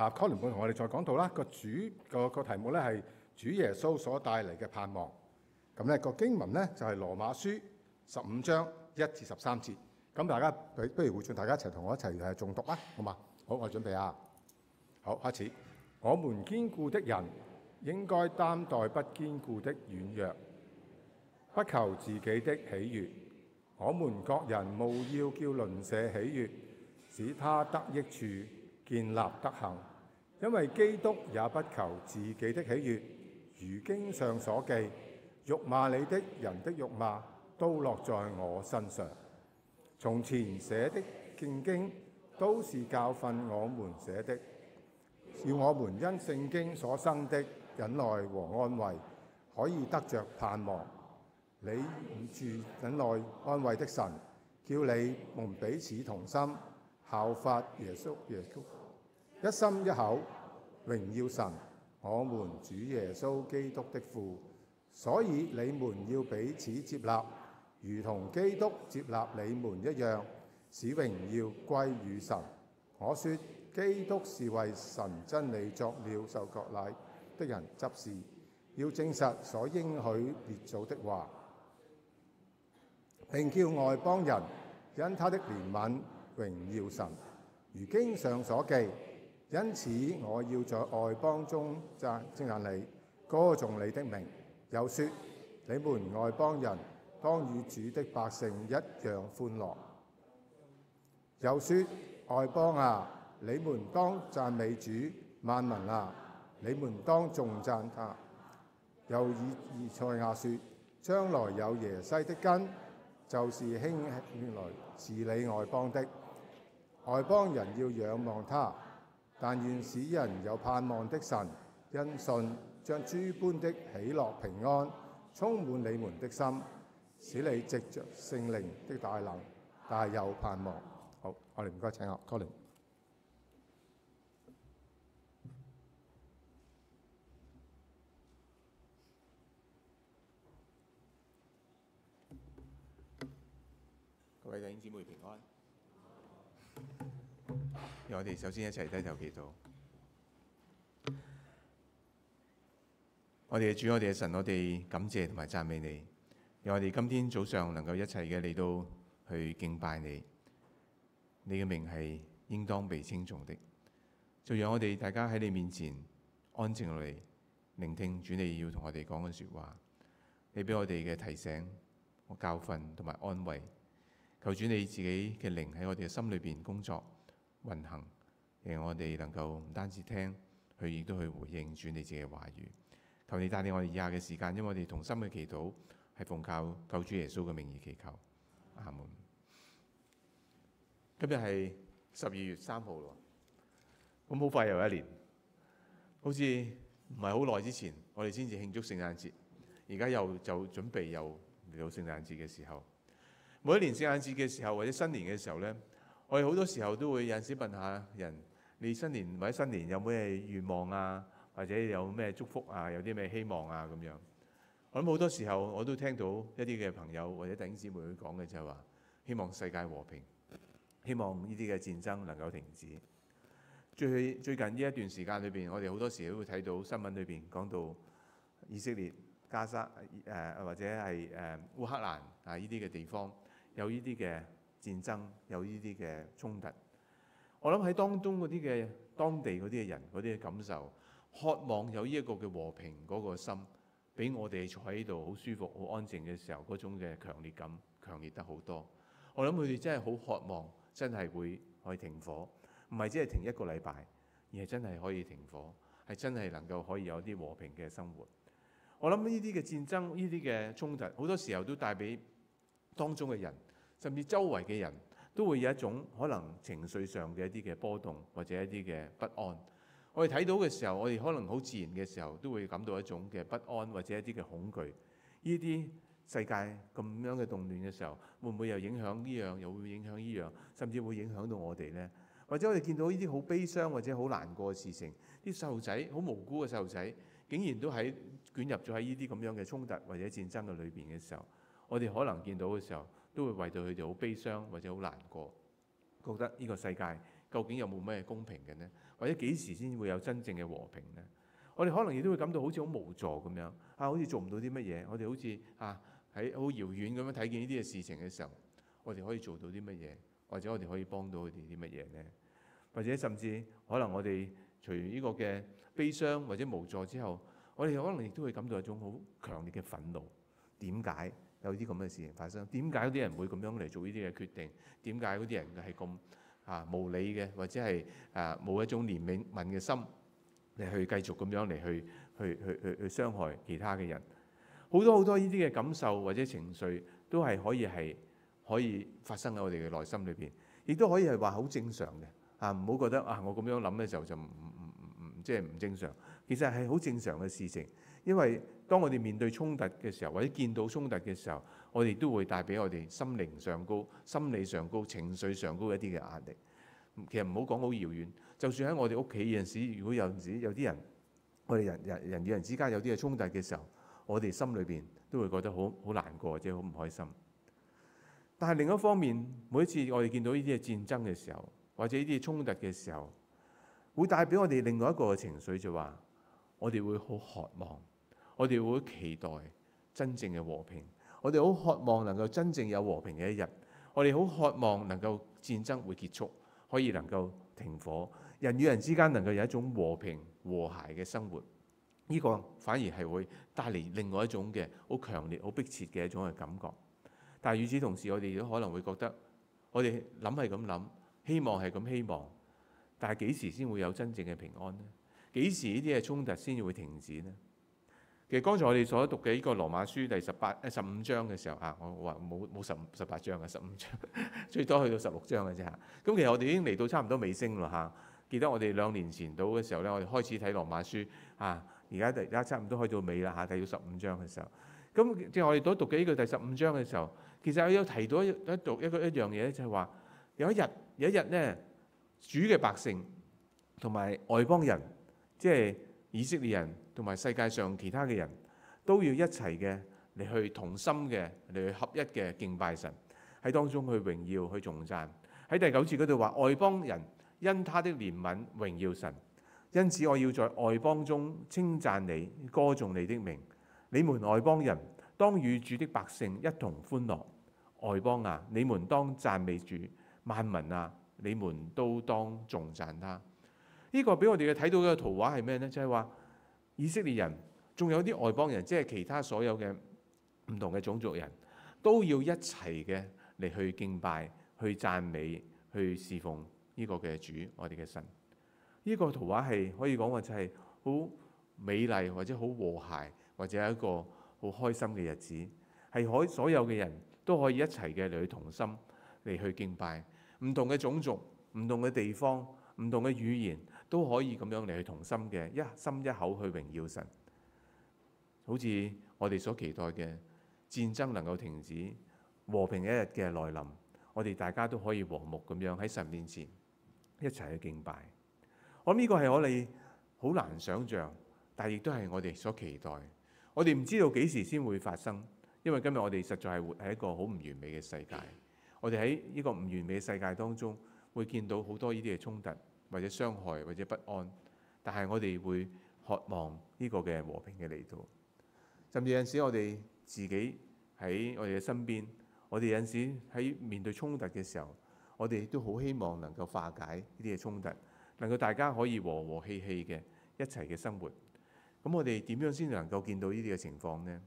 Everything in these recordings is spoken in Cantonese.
啊，Colin 會同我哋再講到啦，個主個個題目咧係主耶穌所帶嚟嘅盼望。咁、那、咧個經文咧就係、是、羅馬書十五章一至十三節。咁大家不如會眾大家一齊同我一齊係重讀啊，好嘛？好，我準備啊，好開始。我們堅固的人應該擔待不堅固的軟弱，不求自己的喜悅。我們各人務要叫鄰舍喜悅，使他得益處，建立德行。因為基督也不求自己的喜悅，如經上所記：辱罵你的人的辱罵都落在我身上。從前寫的聖經都是教訓我們寫的，叫我們因聖經所生的忍耐和安慰可以得着盼望。你住忍耐安慰的神，叫你們彼此同心，效法耶穌耶穌。一心一口榮耀神，我們主耶穌基督的父，所以你們要彼此接納，如同基督接納你們一樣，使榮耀歸與神。我說，基督是為神真理作了受割禮的人執事，要證實所應許列祖的話，並叫外邦人因他的憐憫榮耀神。如經上所記。因此我要在外邦中讚稱讚你，歌頌你的名。有說你們外邦人當與主的百姓一樣歡樂；有說外邦啊，你們當讚美主萬民啊，你們當重讚他。又以以賽亞說：將來有耶西的根，就是興起來治理外邦的，外邦人要仰望他。但願使人有盼望的神，因信將諸般的喜樂平安充滿你們的心，使你藉着聖靈的大能，大有盼望。好，我哋唔該請我，Colin 各位弟兄姊妹平安。我哋首先一齊低頭祈禱。我哋嘅主，我哋嘅神，我哋感謝同埋讚美你。讓我哋今天早上能夠一齊嘅，你都去敬拜你。你嘅名係應當被稱頌的。就讓我哋大家喺你面前安靜落嚟，聆聽主你要同我哋講嘅說話，你俾我哋嘅提醒、教訓同埋安慰。求主你自己嘅靈喺我哋嘅心裏邊工作。運行，誒，我哋能夠唔單止聽，佢亦都去回應主你自己嘅話語。求你帶領我哋以下嘅時間，因為我哋同心去祈禱，係奉靠救主耶穌嘅名而祈求。阿門。今日係十二月三號啦，咁好快又一年，好似唔係好耐之前，我哋先至慶祝聖誕節，而家又就準備又嚟到聖誕節嘅時候。每一年聖誕節嘅時候或者新年嘅時候咧。我哋好多時候都會有陣時問下人：你新年或者新年有咩願望啊？或者有咩祝福啊？有啲咩希望啊？咁樣，我諗好多時候我都聽到一啲嘅朋友或者弟兄姊妹去講嘅就係話：希望世界和平，希望呢啲嘅戰爭能夠停止。最最近呢一段時間裏邊，我哋好多時都會睇到新聞裏邊講到以色列、加沙誒、呃，或者係誒烏克蘭啊呢啲嘅地方有呢啲嘅。戰爭有呢啲嘅衝突，我諗喺當中嗰啲嘅當地嗰啲嘅人嗰啲嘅感受，渴望有呢一個嘅和平嗰個心，比我哋坐喺度好舒服、好安靜嘅時候嗰種嘅強烈感，強烈得好多。我諗佢哋真係好渴望，真係會可以停火，唔係只係停一個禮拜，而係真係可以停火，係真係能夠可以有啲和平嘅生活。我諗呢啲嘅戰爭、呢啲嘅衝突，好多時候都帶俾當中嘅人。甚至周圍嘅人都會有一種可能情緒上嘅一啲嘅波動，或者一啲嘅不安。我哋睇到嘅時候，我哋可能好自然嘅時候都會感到一種嘅不安，或者一啲嘅恐懼。呢啲世界咁樣嘅動亂嘅時候，會唔會又影響呢樣，又會影響呢樣，甚至會影響到我哋呢？或者我哋見到呢啲好悲傷或者好難過嘅事情，啲細路仔好無辜嘅細路仔，竟然都喺捲入咗喺呢啲咁樣嘅衝突或者戰爭嘅裏邊嘅時候，我哋可能見到嘅時候。都會為到佢哋好悲傷，或者好難過，覺得呢個世界究竟有冇咩公平嘅呢？或者幾時先會有真正嘅和平呢？我哋可能亦都會感到好似好無助咁樣，啊，好似做唔到啲乜嘢。我哋好似啊喺好遙遠咁樣睇見呢啲嘅事情嘅時候，我哋可以做到啲乜嘢？或者我哋可以幫到佢哋啲乜嘢呢？或者甚至可能我哋除咗呢個嘅悲傷或者無助之後，我哋可能亦都會感到一種好強烈嘅憤怒。點解？有啲咁嘅事情發生，點解嗰啲人會咁樣嚟做呢啲嘅決定？點解嗰啲人係咁啊無理嘅，或者係啊冇一種憐憫問嘅心嚟去繼續咁樣嚟去去去去去傷害其他嘅人？好多好多呢啲嘅感受或者情緒都係可以係可以發生喺我哋嘅內心裏邊，亦都可以係話好正常嘅啊！唔好覺得啊，我咁樣諗嘅時候就唔唔唔唔即係唔正常。其實係好正常嘅事情，因為，當我哋面對衝突嘅時候，或者見到衝突嘅時候，我哋都會帶俾我哋心靈上高、心理上高、情緒上高一啲嘅壓力。其實唔好講好遙遠，就算喺我哋屋企有陣時，如果有陣時有啲人，我哋人人人與人之間有啲嘅衝突嘅時候，我哋心裏邊都會覺得好好難過，或者好唔開心。但係另一方面，每一次我哋見到呢啲嘅戰爭嘅時候，或者呢啲嘅衝突嘅時候，會帶俾我哋另外一個情緒，就話我哋會好渴望。我哋會期待真正嘅和平，我哋好渴望能夠真正有和平嘅一日。我哋好渴望能夠戰爭會結束，可以能夠停火，人與人之間能夠有一種和平和諧嘅生活。呢個反而係會帶嚟另外一種嘅好強烈、好迫切嘅一種嘅感覺。但係與此同時，我哋都可能會覺得，我哋諗係咁諗，希望係咁希望，但係幾時先會有真正嘅平安呢？幾時呢啲嘅衝突先會停止呢？其實剛才我哋所讀嘅呢個羅馬書第十八誒十五章嘅時候嚇，我話冇冇十十八章嘅，十五章,十十章,十五章最多去到十六章嘅啫嚇。咁其實我哋已經嚟到差唔多尾聲啦嚇。記得我哋兩年前到嘅時候咧，我哋開始睇羅馬書嚇，而家而家差唔多去到尾啦嚇，睇到十五章嘅時候。咁即係我哋都讀嘅呢個第十五章嘅時候，其實我有提到一讀一個一樣嘢，就係話有一日有一日咧，主嘅百姓同埋外邦人即係。以色列人同埋世界上其他嘅人都要一齊嘅嚟去同心嘅嚟去合一嘅敬拜神，喺當中去榮耀去頌讚。喺第九節嗰度話，外邦人因他的憐憫榮耀神，因此我要在外邦中稱讚你，歌頌你的名。你們外邦人當與主的百姓一同歡樂，外邦啊，你們當讚美主；萬民啊，你們都當頌讚他。呢個俾我哋嘅睇到嘅圖畫係咩呢？就係話以色列人，仲有啲外邦人，即係其他所有嘅唔同嘅種族人，都要一齊嘅嚟去敬拜、去讚美、去侍奉呢個嘅主，我哋嘅神。呢個圖畫係可以講話就係好美麗，或者好和諧，或者係一個好開心嘅日子，係可以所有嘅人都可以一齊嘅嚟去同心嚟去敬拜，唔同嘅種族、唔同嘅地方、唔同嘅語言，都可以咁樣嚟去同心嘅，一心一口去榮耀神。好似我哋所期待嘅戰爭能夠停止，和平一日嘅來臨，我哋大家都可以和睦咁樣喺神面前一齊去敬拜。我諗呢個係我哋好難想像，但亦都係我哋所期待。我哋唔知道幾時先會發生，因為今日我哋實在係活喺一個好唔完美嘅世界。我哋喺呢個唔完美嘅世界當中，會見到好多呢啲嘅衝突。或者傷害，或者不安，但係我哋會渴望呢個嘅和平嘅嚟到。甚至有陣時我哋自己喺我哋嘅身邊，我哋有陣時喺面對衝突嘅時候，我哋都好希望能夠化解呢啲嘅衝突，能夠大家可以和和氣氣嘅一齊嘅生活。咁我哋點樣先能夠見到呢啲嘅情況呢？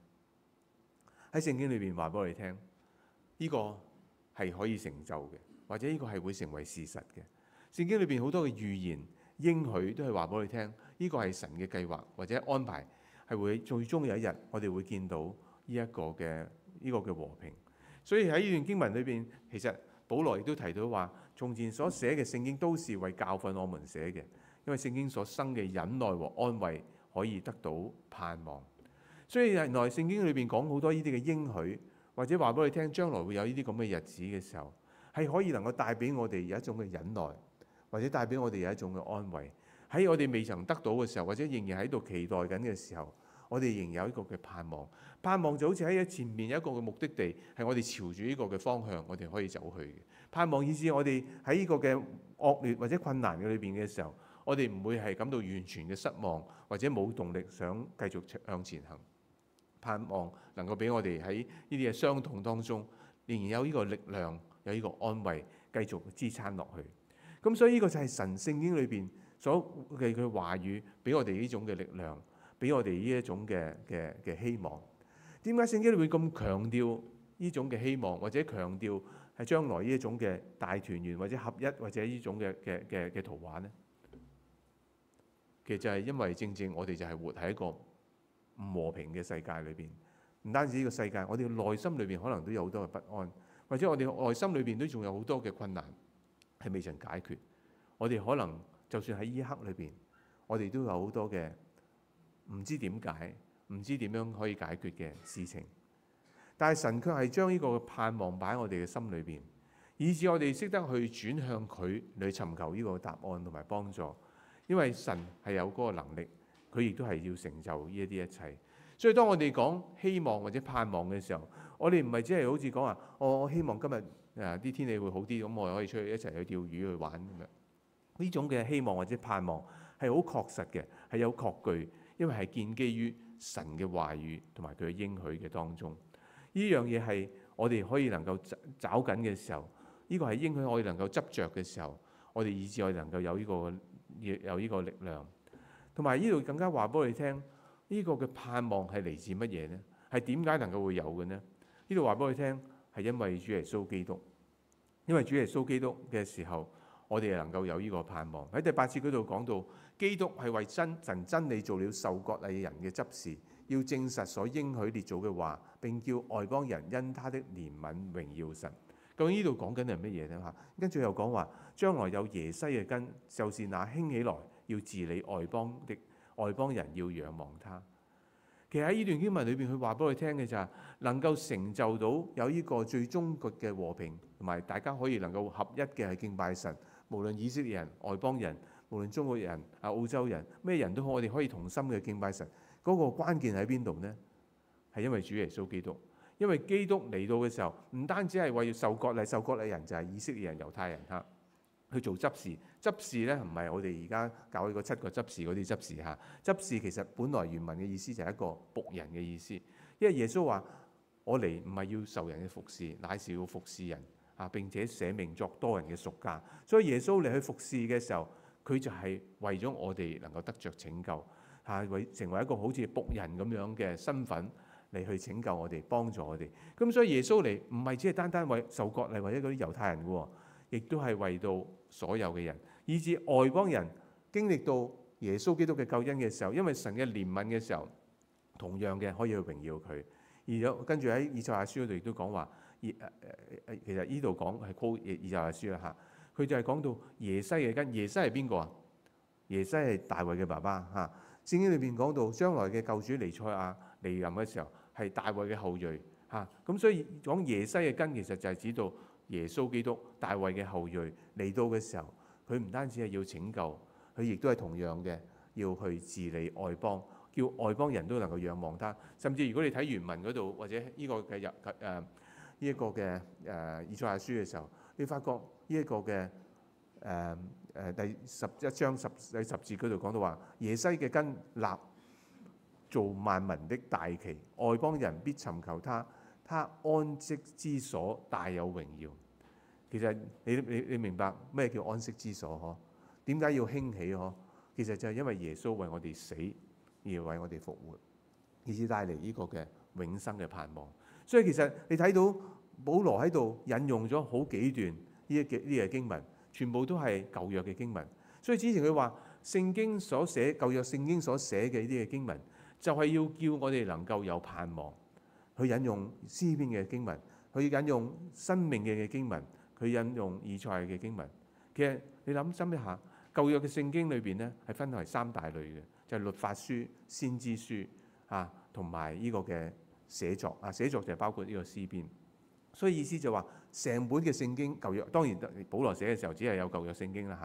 喺聖經裏邊話俾我哋聽，呢個係可以成就嘅，或者呢個係會成為事實嘅。聖經裏邊好多嘅預言應許都係話俾你哋聽，呢個係神嘅計劃或者安排，係會最終有一日我哋會見到呢一個嘅呢個嘅和平。所以喺呢段經文裏邊，其實保羅亦都提到話，從前所寫嘅聖經都是為教訓我們寫嘅，因為聖經所生嘅忍耐和安慰可以得到盼望。所以原來聖經裏邊講好多呢啲嘅應許，或者話俾你哋聽，將來會有呢啲咁嘅日子嘅時候，係可以能夠帶俾我哋有一種嘅忍耐。或者帶俾我哋有一種嘅安慰，喺我哋未曾得到嘅時候，或者仍然喺度期待緊嘅時候，我哋仍有一個嘅盼望。盼望就好似喺前面有一個嘅目的地，係我哋朝住呢個嘅方向，我哋可以走去嘅。盼望以至我哋喺呢個嘅惡劣或者困難嘅裏邊嘅時候，我哋唔會係感到完全嘅失望，或者冇動力想繼續向前行。盼望能夠俾我哋喺呢啲嘅傷痛當中，仍然有呢個力量，有呢個安慰，繼續支撐落去。咁所以呢個就係神聖經裏邊所嘅佢話語，俾我哋呢種嘅力量，俾我哋呢一種嘅嘅嘅希望。點解聖經裏面咁強調呢種嘅希望，或者強調係將來呢一種嘅大團圓，或者合一，或者呢種嘅嘅嘅嘅圖畫呢？其實就係因為正正我哋就係活喺一個唔和平嘅世界裏邊，唔單止呢個世界，我哋內心裏邊可能都有好多嘅不安，或者我哋內心裏邊都仲有好多嘅困難。係未曾解決，我哋可能就算喺依一刻裏邊，我哋都有好多嘅唔知點解，解，唔知點樣可以解決嘅事情。但係神卻係將呢個盼望擺喺我哋嘅心裏邊，以至我哋識得去轉向佢去尋求呢個答案同埋幫助。因為神係有嗰個能力，佢亦都係要成就呢一啲一切。所以當我哋講希望或者盼望嘅時候，我哋唔係只係好似講話，我希望今日。啊！啲天氣會好啲，咁我哋可以出去一齊去釣魚、去玩咁樣。呢種嘅希望或者盼望係好確實嘅，係有確據，因為係建基於神嘅話語同埋佢嘅應許嘅當中。呢樣嘢係我哋可以能夠找緊嘅時候，呢個係應許我哋能夠執着嘅時候，我哋以至我哋能夠有呢個有呢個力量。同埋呢度更加話俾你聽，呢個嘅盼望係嚟自乜嘢呢？係點解能夠會有嘅呢？呢度話俾你聽。係因為主耶穌基督，因為主耶穌基督嘅時候，我哋能夠有呢個盼望。喺第八節嗰度講到，基督係為真神真理做了受割禮的人嘅執事，要證實所應許列祖嘅話，並叫外邦人因他的憐憫榮耀神。究竟呢度講緊係乜嘢呢？嚇，跟住又講話，將來有耶西嘅根，就是那興起來要治理外邦的外邦人要仰望他。其實喺呢段經文裏邊，佢話俾我聽嘅就係能夠成就到有呢個最終極嘅和平，同埋大家可以能夠合一嘅係敬拜神。無論以色列人、外邦人，無論中國人、啊澳洲人，咩人都好，我哋可以同心嘅敬拜神。嗰個關鍵喺邊度呢？係因為主耶穌基督，因為基督嚟到嘅時候，唔單止係為要受割禮，受割禮人就係以色列人、猶太人嚇。去做執事，執事咧，唔係我哋而家搞嗰七個執事嗰啲執事嚇。執事其實本來原文嘅意思就係一個僕人嘅意思，因為耶穌話：我嚟唔係要受人嘅服侍，乃是要服侍人啊！並且捨命作多人嘅贖價。所以耶穌嚟去服侍嘅時候，佢就係為咗我哋能夠得着拯救嚇，為成為一個好似僕人咁樣嘅身份嚟去拯救我哋、幫助我哋。咁所以耶穌嚟唔係只係單單為受割禮或者嗰啲猶太人嘅喎。亦都係為到所有嘅人，以至外邦人經歷到耶穌基督嘅救恩嘅時候，因為神嘅憐憫嘅時候，同樣嘅可以去榮耀佢。而有跟住喺以賽亞書嗰度亦都講話，而其實呢度講係《以以賽亞書》啦嚇，佢就係講到耶西嘅根。耶西係邊個啊？耶西係大衛嘅爸爸嚇。聖經裏邊講到將來嘅救主彌賽亞嚟臨嘅時候，係大衛嘅後裔嚇。咁所以講耶西嘅根其實就係指到。耶穌基督大衛嘅後裔嚟到嘅時候，佢唔單止係要拯救，佢亦都係同樣嘅要去治理外邦，叫外邦人都能夠仰望他。甚至如果你睇原文嗰度或者呢個嘅入誒呢一個嘅誒以賽亞書嘅時候，你發覺呢一個嘅誒誒第十一章十第十節嗰度講到話， 耶西嘅根立做萬民的大旗，外邦人必尋求他，他安息之所大有榮耀。其實你你你明白咩叫安息之所嗬？點解要興起嗬？其實就係因為耶穌為我哋死，而為我哋復活，而帶嚟呢個嘅永生嘅盼望。所以其實你睇到保羅喺度引用咗好幾段呢一幾呢啲經文，全部都係舊約嘅經文。所以之前佢話聖經所寫舊約聖經所寫嘅呢啲經文，就係要叫我哋能夠有盼望，去引用詩篇嘅經文，去引用生命嘅嘅經文。去引用以賽嘅經文，其實你諗深一下，舊約嘅聖經裏邊咧係分為三大類嘅，就係、是、律法書、先知書啊，同埋呢個嘅寫作啊，寫作就係包括呢個詩篇。所以意思就話，成本嘅聖經舊約當然，保羅寫嘅時候只係有舊約聖經啦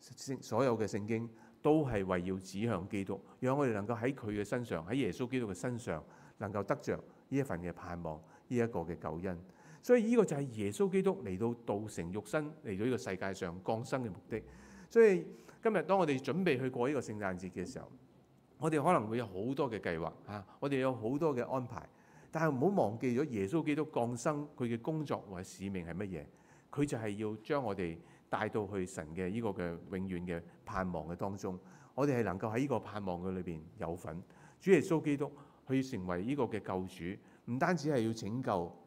嚇。聖、啊、所有嘅聖經都係為要指向基督，讓我哋能夠喺佢嘅身上，喺耶穌基督嘅身上，能夠得着呢一份嘅盼望，呢一個嘅救恩。所以呢個就係耶穌基督嚟到道成肉身嚟到呢個世界上降生嘅目的。所以今日當我哋準備去過呢個聖誕節嘅時候，我哋可能會有好多嘅計劃嚇，我哋有好多嘅安排，但係唔好忘記咗耶穌基督降生佢嘅工作或者使命係乜嘢？佢就係要將我哋帶到去神嘅呢個嘅永遠嘅盼望嘅當中，我哋係能夠喺呢個盼望嘅裏邊有份。主耶穌基督去成為呢個嘅救主，唔單止係要拯救。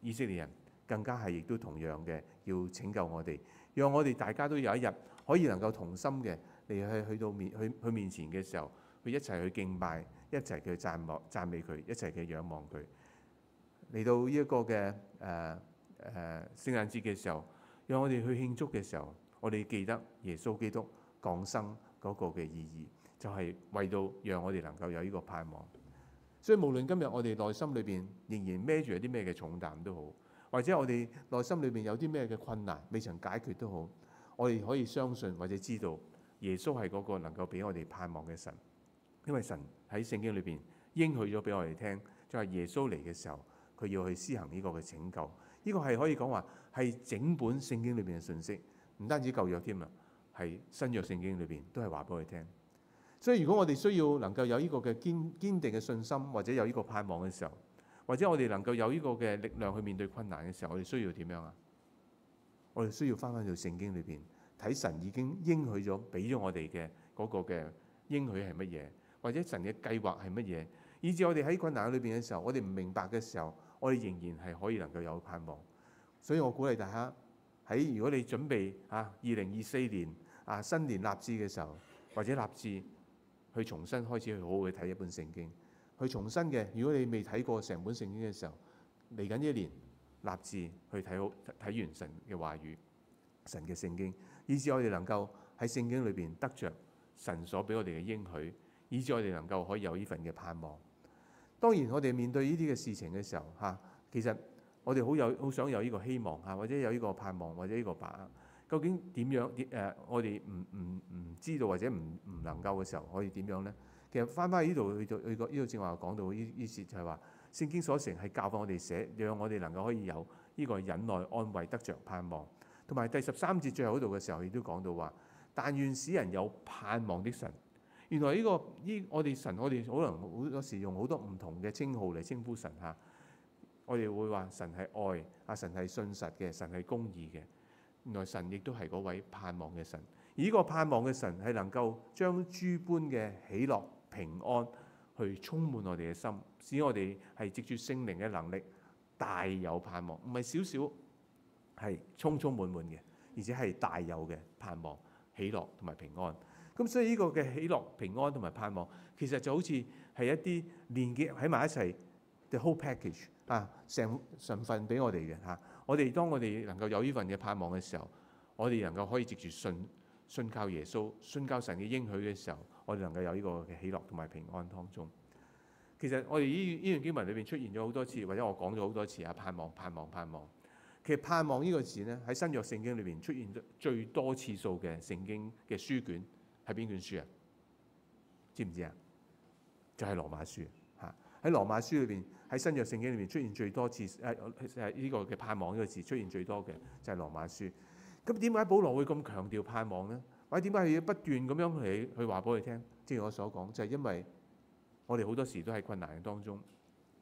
以色列人更加係亦都同樣嘅，要拯救我哋，讓我哋大家都有一日可以能夠同心嘅你去去到面去去面前嘅時候，去一齊去敬拜，一齊去讚望讚美佢，一齊去仰望佢。嚟到呢一個嘅誒誒聖誕節嘅時候，讓我哋去慶祝嘅時候，我哋記得耶穌基督降生嗰個嘅意義，就係為到讓我哋能夠有呢個盼望。所以無論今日我哋內心裏邊仍然孭住有啲咩嘅重擔都好，或者我哋內心裏邊有啲咩嘅困難未曾解決都好，我哋可以相信或者知道耶穌係嗰個能夠俾我哋盼望嘅神，因為神喺聖經裏邊應許咗俾我哋聽，就係耶穌嚟嘅時候，佢要去施行呢個嘅拯救。呢個係可以講話係整本聖經裏邊嘅信息，唔單止舊約添啊，係新約聖經裏邊都係話俾我哋聽。所以如果我哋需要能夠有呢個嘅堅堅定嘅信心，或者有呢個盼望嘅時候，或者我哋能夠有呢個嘅力量去面對困難嘅時候，我哋需要點樣啊？我哋需要返返去聖經裏邊睇神已經應許咗，俾咗我哋嘅嗰個嘅應許係乜嘢，或者神嘅計劃係乜嘢，以至我哋喺困難裏邊嘅時候，我哋唔明白嘅時候，我哋仍然係可以能夠有盼望。所以我鼓勵大家喺如果你準備吓二零二四年啊新年立志嘅時候，或者立志。去重新開始去好好去睇一本聖經，去重新嘅。如果你未睇過成本聖經嘅時候，嚟緊一年立志去睇好睇完神嘅話語，神嘅聖經，以至我哋能夠喺聖經裏邊得着神所俾我哋嘅應許，以至我哋能夠可以有呢份嘅盼望。當然，我哋面對呢啲嘅事情嘅時候，嚇，其實我哋好有好想有呢個希望嚇，或者有呢個盼望，或者呢個把握。究竟點樣？誒、呃，我哋唔唔唔知道或者唔唔能夠嘅時候，可以點樣咧？其實翻翻去呢度去到去呢度正話講到呢呢節就係話聖經所成係教訓我哋寫，讓我哋能夠可以有呢個忍耐、安慰、得着、盼望。同埋第十三節最後度嘅時候，亦都講到話：但願使人有盼望的神。原來呢、呢個呢我哋神，我哋可能好多時用好多唔同嘅稱號嚟稱呼神下，我哋會話神係愛，阿神係信實嘅，神係公義嘅。原來神亦都係嗰位盼望嘅神，而呢個盼望嘅神係能夠將諸般嘅喜樂、平安去充滿我哋嘅心，使我哋係藉住聖靈嘅能力大有盼望，唔係少少，係充充滿滿嘅，而且係大有嘅盼望、喜樂同埋平安。咁所以呢個嘅喜樂、平安同埋盼望，其實就好似係一啲連結喺埋一齊嘅 whole package 啊，成成份俾我哋嘅嚇。我哋當我哋能夠有呢份嘅盼望嘅時候，我哋能夠可以藉住信信靠耶穌、信靠神嘅應許嘅時候，我哋能夠有呢個喜樂同埋平安當中。其實我哋依依段經文裏面出現咗好多次，或者我講咗好多次啊，盼望、盼望、盼望。其實盼望呢個字呢，喺新約聖經裏面出現最多次數嘅聖經嘅書卷係邊卷書啊？知唔知啊？就係、是、羅馬書。喺羅馬書裏邊，喺新約聖經裏面出現最多次，誒誒呢個嘅盼望呢個字出現最多嘅就係羅馬書。咁點解保羅會咁強調盼望咧？或者點解佢要不斷咁樣嚟去話俾佢聽？正如我所講，就係因為我哋好多時都喺困難嘅當中，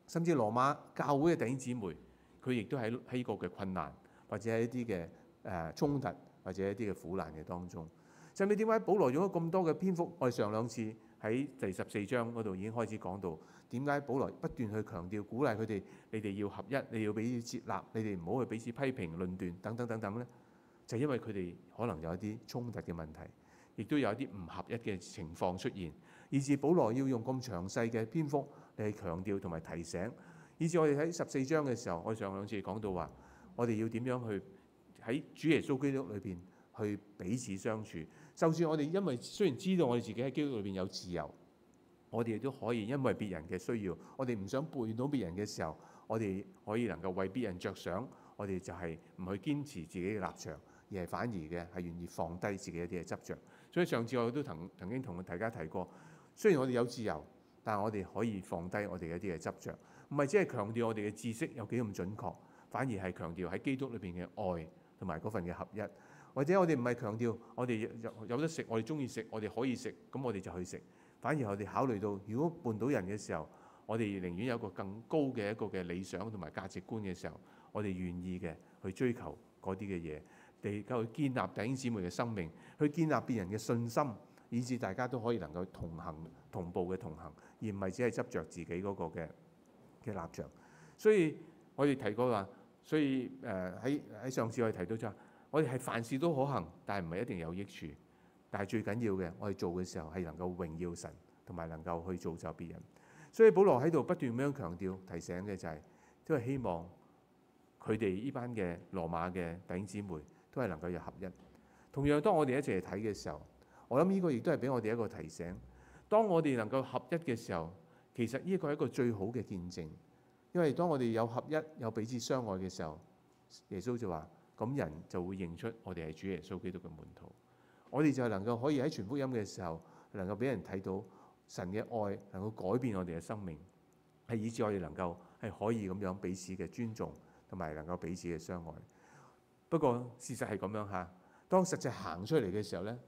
甚至羅馬教會嘅弟兄姊妹佢亦都喺喺呢個嘅困難或者一啲嘅誒衝突或者一啲嘅苦難嘅當中。就至點解保羅用咗咁多嘅篇幅？我哋上兩次喺第十四章嗰度已經開始講到。點解保羅不斷去強調、鼓勵佢哋，你哋要合一，你要俾接納，你哋唔好去彼此批評、論斷等等等等咧？就因為佢哋可能有一啲衝突嘅問題，亦都有一啲唔合一嘅情況出現，以至保羅要用咁詳細嘅篇幅嚟強調同埋提醒。以至我哋喺十四章嘅時候，我上兩次講到話，我哋要點樣去喺主耶穌基督裏邊去彼此相處，就算我哋因為雖然知道我哋自己喺基督裏邊有自由。我哋亦都可以，因為別人嘅需要，我哋唔想背到別人嘅時候，我哋可以能夠為別人着想，我哋就係唔去堅持自己嘅立場，而係反而嘅係願意放低自己一啲嘅執着。所以上次我都曾曾經同大家提過，雖然我哋有自由，但係我哋可以放低我哋一啲嘅執着。唔係只係強調我哋嘅知識有幾咁準確，反而係強調喺基督裏邊嘅愛同埋嗰份嘅合一，或者我哋唔係強調我哋有有得食，我哋中意食，我哋可以食，咁我哋就去食。反而我哋考慮到，如果絆倒人嘅時候，我哋寧願有個更高嘅一個嘅理想同埋價值觀嘅時候，我哋願意嘅去追求嗰啲嘅嘢，能夠去建立弟兄姊妹嘅生命，去建立別人嘅信心，以致大家都可以能夠同行同步嘅同行，而唔係只係執着自己嗰個嘅嘅立場。所以我哋提過話，所以誒喺喺上次我哋提到就話，我哋係凡事都可行，但係唔係一定有益處。但係最緊要嘅，我哋做嘅時候係能夠榮耀神，同埋能夠去造就別人。所以保羅喺度不斷咁樣強調、提醒嘅就係，都係希望佢哋呢班嘅羅馬嘅弟兄姊妹都係能夠有合一。同樣，當我哋一齊嚟睇嘅時候，我諗呢個亦都係俾我哋一個提醒。當我哋能夠合一嘅時候，其實呢個係一個最好嘅見證。因為當我哋有合一、有彼此相愛嘅時候，耶穌就話：咁人就會認出我哋係主耶穌基督嘅門徒。我哋就係能夠可以喺傳福音嘅時候，能夠俾人睇到神嘅愛，能夠改變我哋嘅生命，係以致我哋能夠係可以咁樣彼此嘅尊重，同埋能夠彼此嘅相愛。不過事實係咁樣嚇，當實際行出嚟嘅時候呢，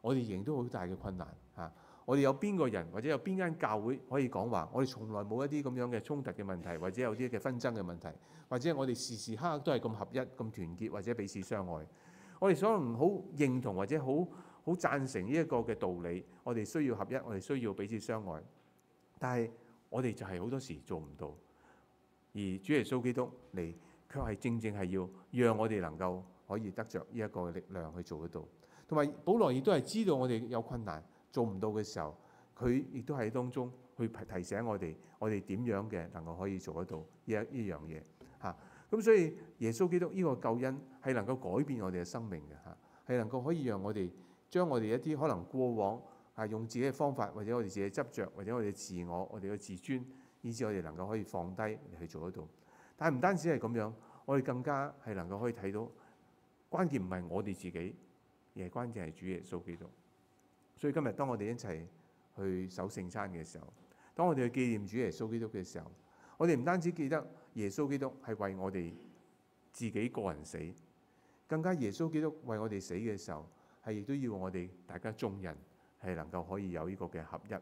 我哋仍都好大嘅困難嚇。我哋有邊個人或者有邊間教會可以講話，我哋從來冇一啲咁樣嘅衝突嘅問題，或者有啲嘅紛爭嘅問題，或者我哋時時刻刻都係咁合一、咁團結或者彼此相愛。我哋可能好認同或者好好贊成呢一個嘅道理，我哋需要合一，我哋需要彼此相愛。但係我哋就係好多時做唔到，而主耶穌基督嚟卻係正正係要讓我哋能夠可以得着呢一個力量去做得到。同埋保羅亦都係知道我哋有困難做唔到嘅時候，佢亦都喺當中去提醒我哋，我哋點樣嘅能夠可以做得到呢一呢樣嘢。咁所以耶穌基督呢個救恩係能夠改變我哋嘅生命嘅㗎，係能夠可以讓我哋將我哋一啲可能過往係用自己嘅方法，或者我哋自己執着，或者我哋自我、我哋嘅自尊，以至我哋能夠可以放低嚟去做得到。但係唔單止係咁樣，我哋更加係能夠可以睇到，關鍵唔係我哋自己，而係關鍵係主耶穌基督。所以今日當我哋一齊去守聖餐嘅時候，當我哋去紀念主耶穌基督嘅時候。我哋唔單止記得耶穌基督係為我哋自己個人死，更加耶穌基督為我哋死嘅時候，係亦都要我哋大家眾人係能夠可以有呢個嘅合一，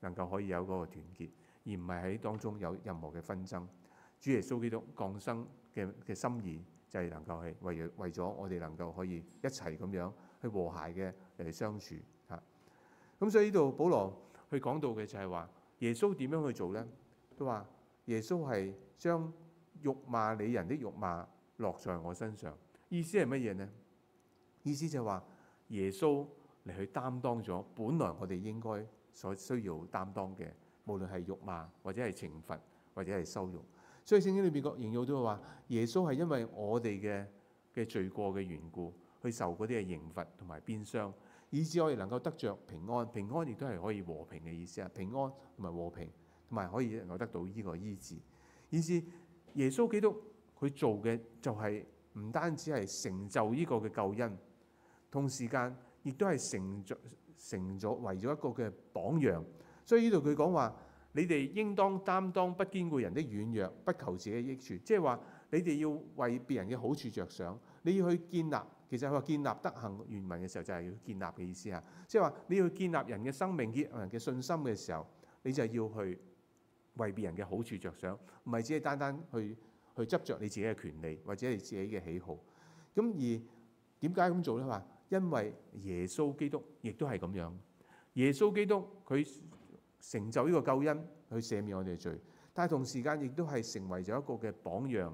能夠可以有嗰個團結，而唔係喺當中有任何嘅紛爭。主耶穌基督降生嘅嘅心意就係能夠係為為咗我哋能夠可以一齊咁樣去和諧嘅嚟相處嚇。咁所以呢度保羅去講到嘅就係話耶穌點樣去做咧？都話。耶穌係將辱罵你人的辱罵落在我身上，意思係乜嘢呢？意思就係話耶穌嚟去擔當咗本來我哋應該所需要擔當嘅，無論係辱罵或者係懲罰或者係羞辱。所以聖經裏面個形容都話，耶穌係因為我哋嘅嘅罪過嘅緣故，去受嗰啲嘅刑罰同埋鞭傷，以至我哋能夠得着平安。平安亦都係可以和平嘅意思啊！平安同埋和平。同埋可以能夠得到呢個醫治，而是耶穌基督佢做嘅就係唔單止係成就呢個嘅救恩，同時間亦都係成咗成咗為咗一個嘅榜樣。所以呢度佢講話，你哋應當擔當不堅固人的軟弱，不求自己嘅益處，即係話，你哋要為別人嘅好處着想，你要去建立。其實佢話建立德行原文嘅時候，就係要建立嘅意思啊！即係話，你要去建立人嘅生命、人嘅信心嘅時候，你就要去。為別人嘅好處着想，唔係只係單單去去執着你自己嘅權利或者你自己嘅喜好。咁而點解咁做咧？話因為耶穌基督亦都係咁樣。耶穌基督佢成就呢個救恩去赦免我哋嘅罪，但係同時間亦都係成為咗一個嘅榜樣，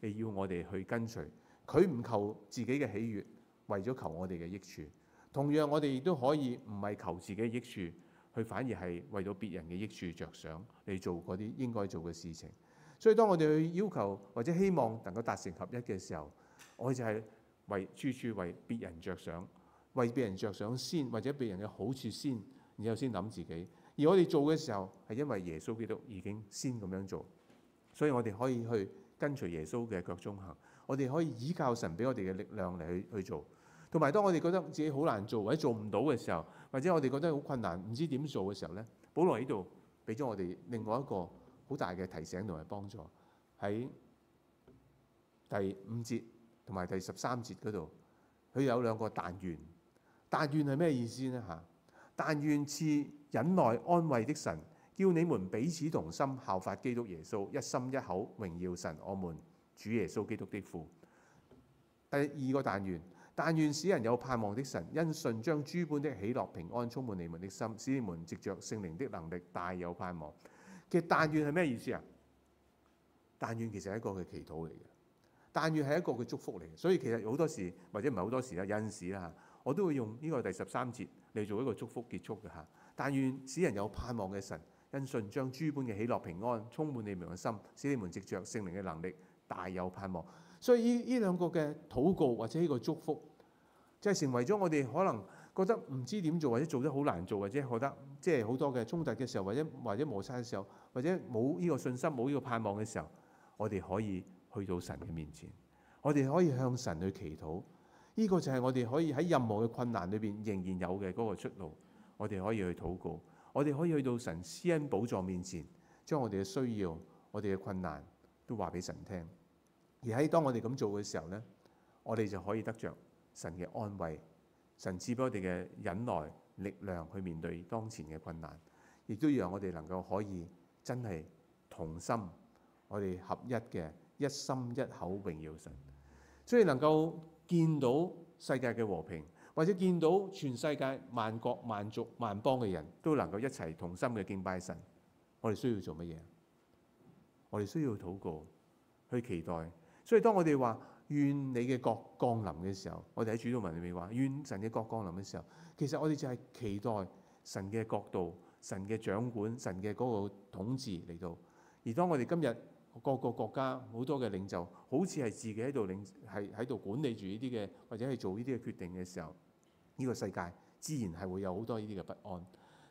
你要我哋去跟隨。佢唔求自己嘅喜悅，為咗求我哋嘅益處。同樣，我哋亦都可以唔係求自己嘅益處。佢反而係為咗別人嘅益處着想，嚟做嗰啲應該做嘅事情。所以當我哋去要求或者希望能夠達成合一嘅時候，我就係為處處為別人着想，為別人着想先，或者別人嘅好處先，然後先諗自己。而我哋做嘅時候係因為耶穌基督已經先咁樣做，所以我哋可以去跟隨耶穌嘅腳蹤行，我哋可以依靠神俾我哋嘅力量嚟去去做。同埋，當我哋覺得自己好難做或者做唔到嘅時候，或者我哋覺得好困難，唔知點做嘅時候咧，保羅喺度俾咗我哋另外一個好大嘅提醒同埋幫助喺第五節同埋第十三節嗰度，佢有兩個但願。但願係咩意思呢？嚇，但願賜忍耐安慰的神，叫你們彼此同心效法基督耶穌，一心一口榮耀神。我們主耶穌基督的父。第二個但願。但願使人有盼望的神，因信將諸般的喜樂平安充滿你們的心，使你們藉着聖靈的能力大有盼望。其實但願係咩意思啊？但願其實係一個嘅祈禱嚟嘅，但願係一個嘅祝福嚟嘅。所以其實好多時或者唔係好多時啦，有陣時啦，我都會用呢個第十三節嚟做一個祝福結束嘅吓。但願使人有盼望嘅神，因信將諸般嘅喜樂平安充滿你們嘅心，使你們藉着聖靈嘅能力大有盼望。所以呢呢兩個嘅禱告或者呢個祝福，即係成為咗我哋可能覺得唔知點做或者做得好難做或者覺得即係好多嘅衝突嘅時候，或者或者磨擦嘅時候，或者冇呢個信心冇呢個盼望嘅時候，我哋可以去到神嘅面前，我哋可以向神去祈禱。呢個就係我哋可以喺任何嘅困難裏邊仍然有嘅嗰個出路。我哋可以去禱告，我哋可以去到神施恩寶座面前，將我哋嘅需要、我哋嘅困難都話俾神聽。而喺當我哋咁做嘅時候呢，我哋就可以得着神嘅安慰，神賜俾我哋嘅忍耐力量去面對當前嘅困難，亦都讓我哋能夠可以真係同心，我哋合一嘅一心一口榮耀神。所以能夠見到世界嘅和平，或者見到全世界萬國萬族萬邦嘅人都能夠一齊同心嘅敬拜神，我哋需要做乜嘢？我哋需要禱告，去期待。所以當我哋話願你嘅國降臨嘅時候，我哋喺主禱文裏面話願神嘅國降臨嘅時候，其實我哋就係期待神嘅國度、神嘅掌管、神嘅嗰個統治嚟到。而當我哋今日各個國家好多嘅領袖好似係自己喺度領係喺度管理住呢啲嘅，或者係做呢啲嘅決定嘅時候，呢、這個世界自然係會有好多呢啲嘅不安。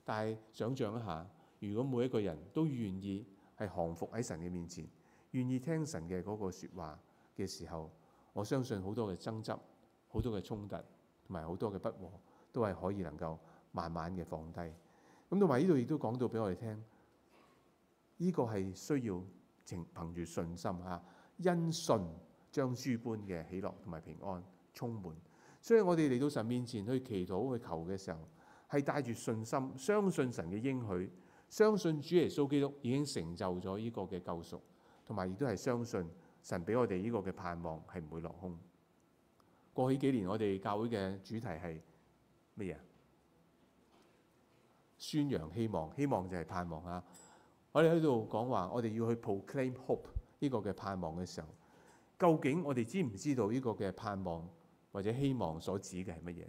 但係想像一下，如果每一個人都願意係降服喺神嘅面前，願意聽神嘅嗰個說話，嘅時候，我相信好多嘅爭執、好多嘅衝突同埋好多嘅不和，都係可以能夠慢慢嘅放低。咁同埋呢度亦都講到俾我哋聽，呢個係需要憑憑住信心啊，因信將諸般嘅喜樂同埋平安充滿。所以我哋嚟到神面前去祈禱去求嘅時候，係帶住信心，相信神嘅應許，相信主耶穌基督已經成就咗呢個嘅救贖，同埋亦都係相信。神俾我哋呢個嘅盼望係唔會落空。過去幾年我哋教會嘅主題係乜嘢？宣揚希望，希望就係盼望啊！我哋喺度講話，我哋要去 proclaim hope 呢個嘅盼望嘅時候，究竟我哋知唔知道呢個嘅盼望或者希望所指嘅係乜嘢？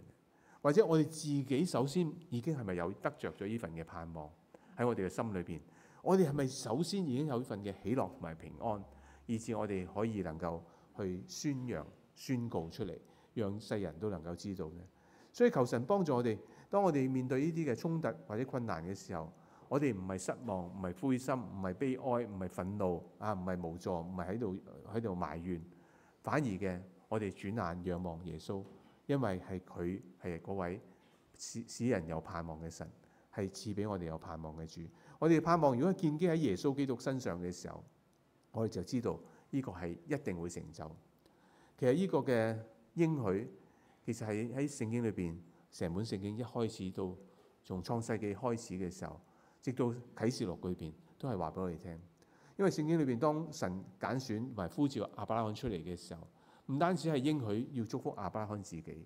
或者我哋自己首先已經係咪有得着咗呢份嘅盼望喺我哋嘅心裏邊？我哋係咪首先已經有呢份嘅喜樂同埋平安？以至我哋可以能夠去宣揚、宣告出嚟，讓世人都能夠知道咧。所以求神幫助我哋，當我哋面對呢啲嘅衝突或者困難嘅時候，我哋唔係失望，唔係灰心，唔係悲哀，唔係憤怒，啊，唔係無助，唔係喺度喺度埋怨，反而嘅我哋轉眼仰望耶穌，因為係佢係嗰位使使人有盼望嘅神，係賜俾我哋有盼望嘅主。我哋盼望如果建基喺耶穌基督身上嘅時候，我哋就知道呢個係一定會成就。其實呢個嘅應許，其實係喺聖經裏邊，成本聖經一開始到從創世紀開始嘅時候，直到啟示錄裏邊，都係話俾我哋聽。因為聖經裏邊當神揀選同埋呼召亞伯拉罕出嚟嘅時候，唔單止係應許要祝福亞伯拉罕自己，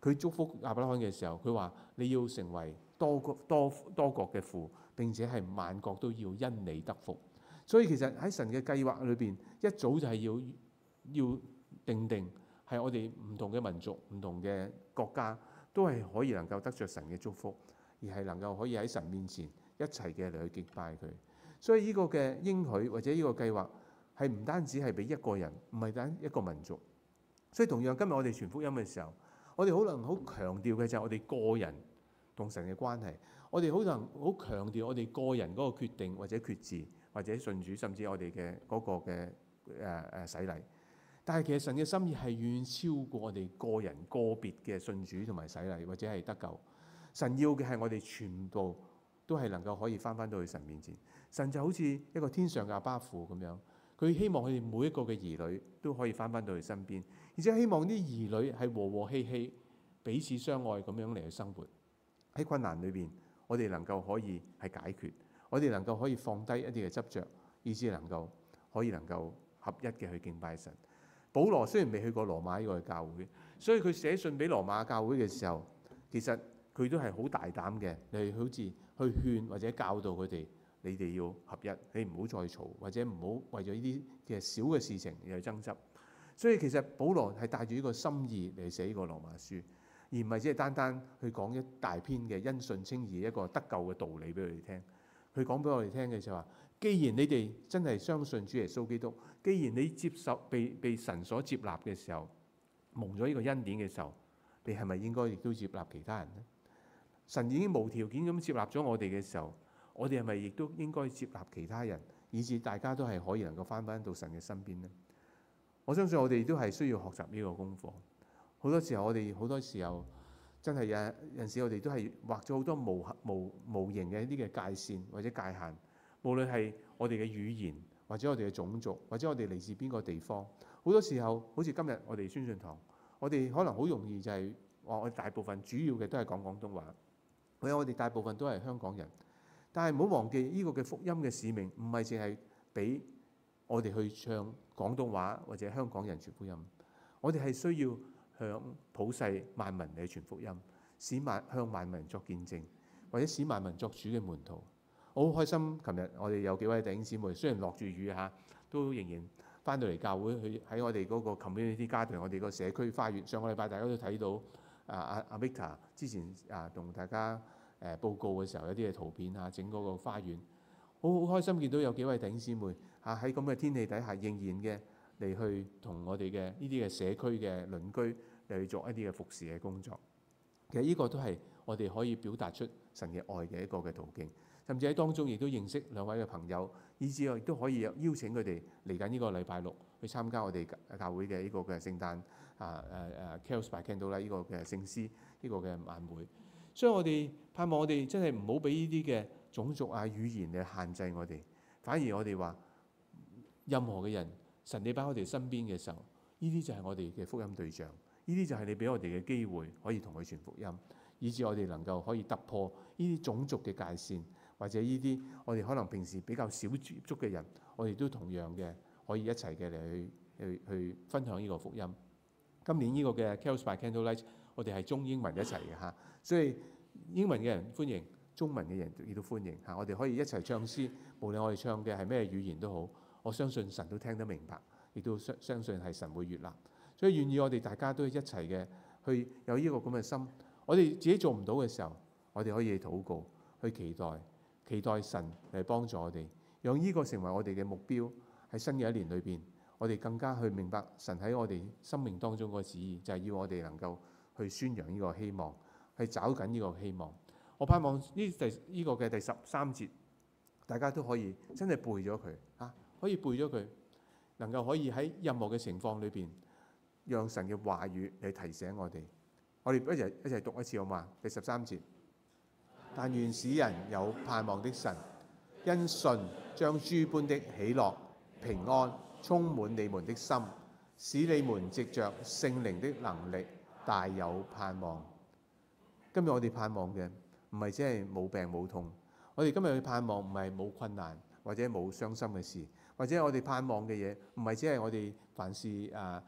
佢祝福亞伯拉罕嘅時候，佢話你要成為多國多多國嘅父，並且係萬國都要因你得福。所以其實喺神嘅計劃裏邊，一早就係要要定定係我哋唔同嘅民族、唔同嘅國家都係可以能夠得着神嘅祝福，而係能夠可以喺神面前一齊嘅嚟去敬拜佢。所以呢個嘅應許或者呢個計劃係唔單止係俾一個人，唔係單一個民族。所以同樣今日我哋傳福音嘅時候，我哋可能好強調嘅就係我哋個人同神嘅關係，我哋好能好強調我哋個人嗰個決定或者決志。或者信主，甚至我哋嘅嗰個嘅誒誒洗禮，但係其實神嘅心意係遠遠超過我哋個人個別嘅信主同埋洗禮或者係得救。神要嘅係我哋全部都係能夠可以翻翻到去神面前。神就好似一個天上嘅阿爸父咁樣，佢希望佢哋每一個嘅兒女都可以翻翻到去身邊，而且希望啲兒女係和和氣氣、彼此相愛咁樣嚟去生活。喺困難裏邊，我哋能夠可以係解決。我哋能夠可以放低一啲嘅執着，以致能夠可以能夠合一嘅去敬拜神。保羅雖然未去過羅馬呢個教會，所以佢寫信俾羅馬教會嘅時候，其實佢都係好大膽嘅你好似去勸或者教導佢哋：你哋要合一，你唔好再吵，或者唔好為咗呢啲嘅小嘅事情而去爭執。所以其實保羅係帶住呢個心意嚟寫呢個羅馬書，而唔係只係單單去講一大篇嘅因信稱義一個得救嘅道理俾佢哋聽。佢講俾我哋聽嘅就話：既然你哋真係相信主耶穌基督，既然你接受被被神所接納嘅時候，蒙咗呢個恩典嘅時候，你係咪應該亦都接納其他人呢？神已經無條件咁接納咗我哋嘅時候，我哋係咪亦都應該接納其他人，以致大家都係可以能夠翻返到神嘅身邊呢？我相信我哋都係需要學習呢個功課。好多時候，我哋好多時候。真係有陣時，我哋都係畫咗好多無無無形嘅一啲嘅界線或者界限。無論係我哋嘅語言，或者我哋嘅種族，或者我哋嚟自邊個地方，好多時候，好似今日我哋宣信堂，我哋可能好容易就係話我大部分主要嘅都係講廣東話，因為我哋大部分都係香港人。但係唔好忘記呢個嘅福音嘅使命，唔係淨係俾我哋去唱廣東話或者香港人主福音。我哋係需要。向普世萬民嚟傳福音，使萬向萬民作見證，或者使萬民作主嘅門徒。我好開心，琴日我哋有幾位弟兄姊妹，雖然落住雨嚇、啊，都仍然翻到嚟教會去喺我哋嗰個 community 啲家庭，我哋個社區花園。上個禮拜大家都睇到啊啊啊 Vita 之前啊同大家誒報告嘅時候，有一啲嘅圖片嚇、啊、整嗰個花園，好好開心見到有幾位弟兄姊妹嚇喺咁嘅天氣底下仍然嘅。嚟去同我哋嘅呢啲嘅社區嘅鄰居嚟去做一啲嘅服侍嘅工作，其實呢個都係我哋可以表達出神嘅愛嘅一個嘅途徑，甚至喺當中亦都認識兩位嘅朋友，以至我亦都可以邀請佢哋嚟緊呢個禮拜六去參加我哋教會嘅呢個嘅聖誕啊誒誒、啊、Carols by Candlelight 啦呢個嘅聖詩呢個嘅晚會，所以我哋盼望我哋真係唔好俾呢啲嘅種族啊語言嚟限制我哋，反而我哋話任何嘅人。神你擺我哋身邊嘅時候，呢啲就係我哋嘅福音對象，呢啲就係你俾我哋嘅機會，可以同佢傳福音，以至我哋能夠可以突破呢啲種族嘅界線，或者呢啲我哋可能平時比較少接觸嘅人，我哋都同樣嘅可以一齊嘅嚟去去去分享呢個福音。今年呢個嘅 Carols by Candlelight，我哋係中英文一齊嘅嚇，所以英文嘅人歡迎，中文嘅人亦都歡迎嚇。我哋可以一齊唱詩，無論我哋唱嘅係咩語言都好。我相信神都聽得明白，亦都相相信係神會悅納，所以願意我哋大家都一齊嘅去有呢個咁嘅心。我哋自己做唔到嘅時候，我哋可以禱告，去期待，期待神嚟幫助我哋，讓呢個成為我哋嘅目標。喺新嘅一年裏邊，我哋更加去明白神喺我哋生命當中個旨意，就係要我哋能夠去宣揚呢個希望，去找緊呢個希望。我盼望呢第呢個嘅第十三節，大家都可以真係背咗佢啊！可以背咗佢，能夠可以喺任何嘅情況裏邊，讓神嘅話語嚟提醒我哋。我哋一齊一齊讀一次好嘛？第十三節，但願使人有盼望的神，因信將諸般的喜樂、平安充滿你們的心，使你們藉着聖靈的能力大有盼望。今日我哋盼望嘅唔係即係冇病冇痛，我哋今日去盼望唔係冇困難或者冇傷心嘅事。或者我哋盼望嘅嘢，唔係只係我哋凡事誒誒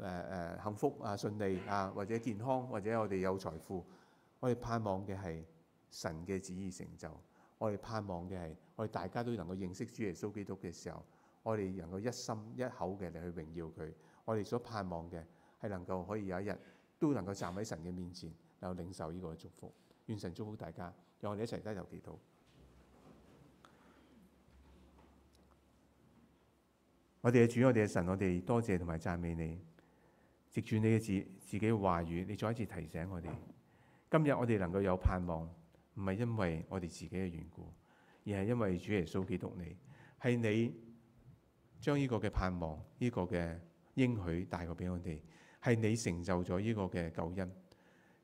誒幸福啊，順利啊，或者健康，或者我哋有財富。我哋盼望嘅係神嘅旨意成就。我哋盼望嘅係我哋大家都能夠認識主耶穌基督嘅時候，我哋能夠一心一口嘅嚟去榮耀佢。我哋所盼望嘅係能夠可以有一日都能夠站喺神嘅面前，有領受呢個祝福。願神祝福大家，讓我哋一齊低頭祈禱。我哋嘅主，我哋嘅神，我哋多謝同埋讚美你。藉住你嘅自自己嘅話語，你再一次提醒我哋：今日我哋能夠有盼望，唔係因為我哋自己嘅緣故，而係因為主耶穌基督你，係你將呢個嘅盼望、呢個嘅應許帶過俾我哋，係你成就咗呢個嘅救恩。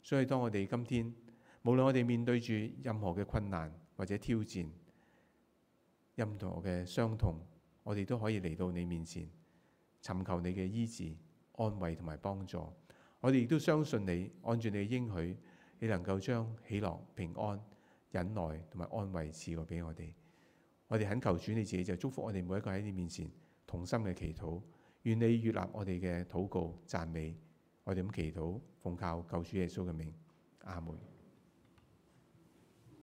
所以當我哋今天，無論我哋面對住任何嘅困難或者挑戰，任何嘅傷痛，我哋都可以嚟到你面前，尋求你嘅醫治、安慰同埋幫助。我哋亦都相信你，按住你嘅應許，你能夠將喜樂、平安、忍耐同埋安慰賜落俾我哋。我哋懇求主你自己就祝福我哋每一個喺你面前同心嘅祈禱。願你悅納我哋嘅禱告、讚美。我哋咁祈禱，奉靠救主耶穌嘅名，阿門。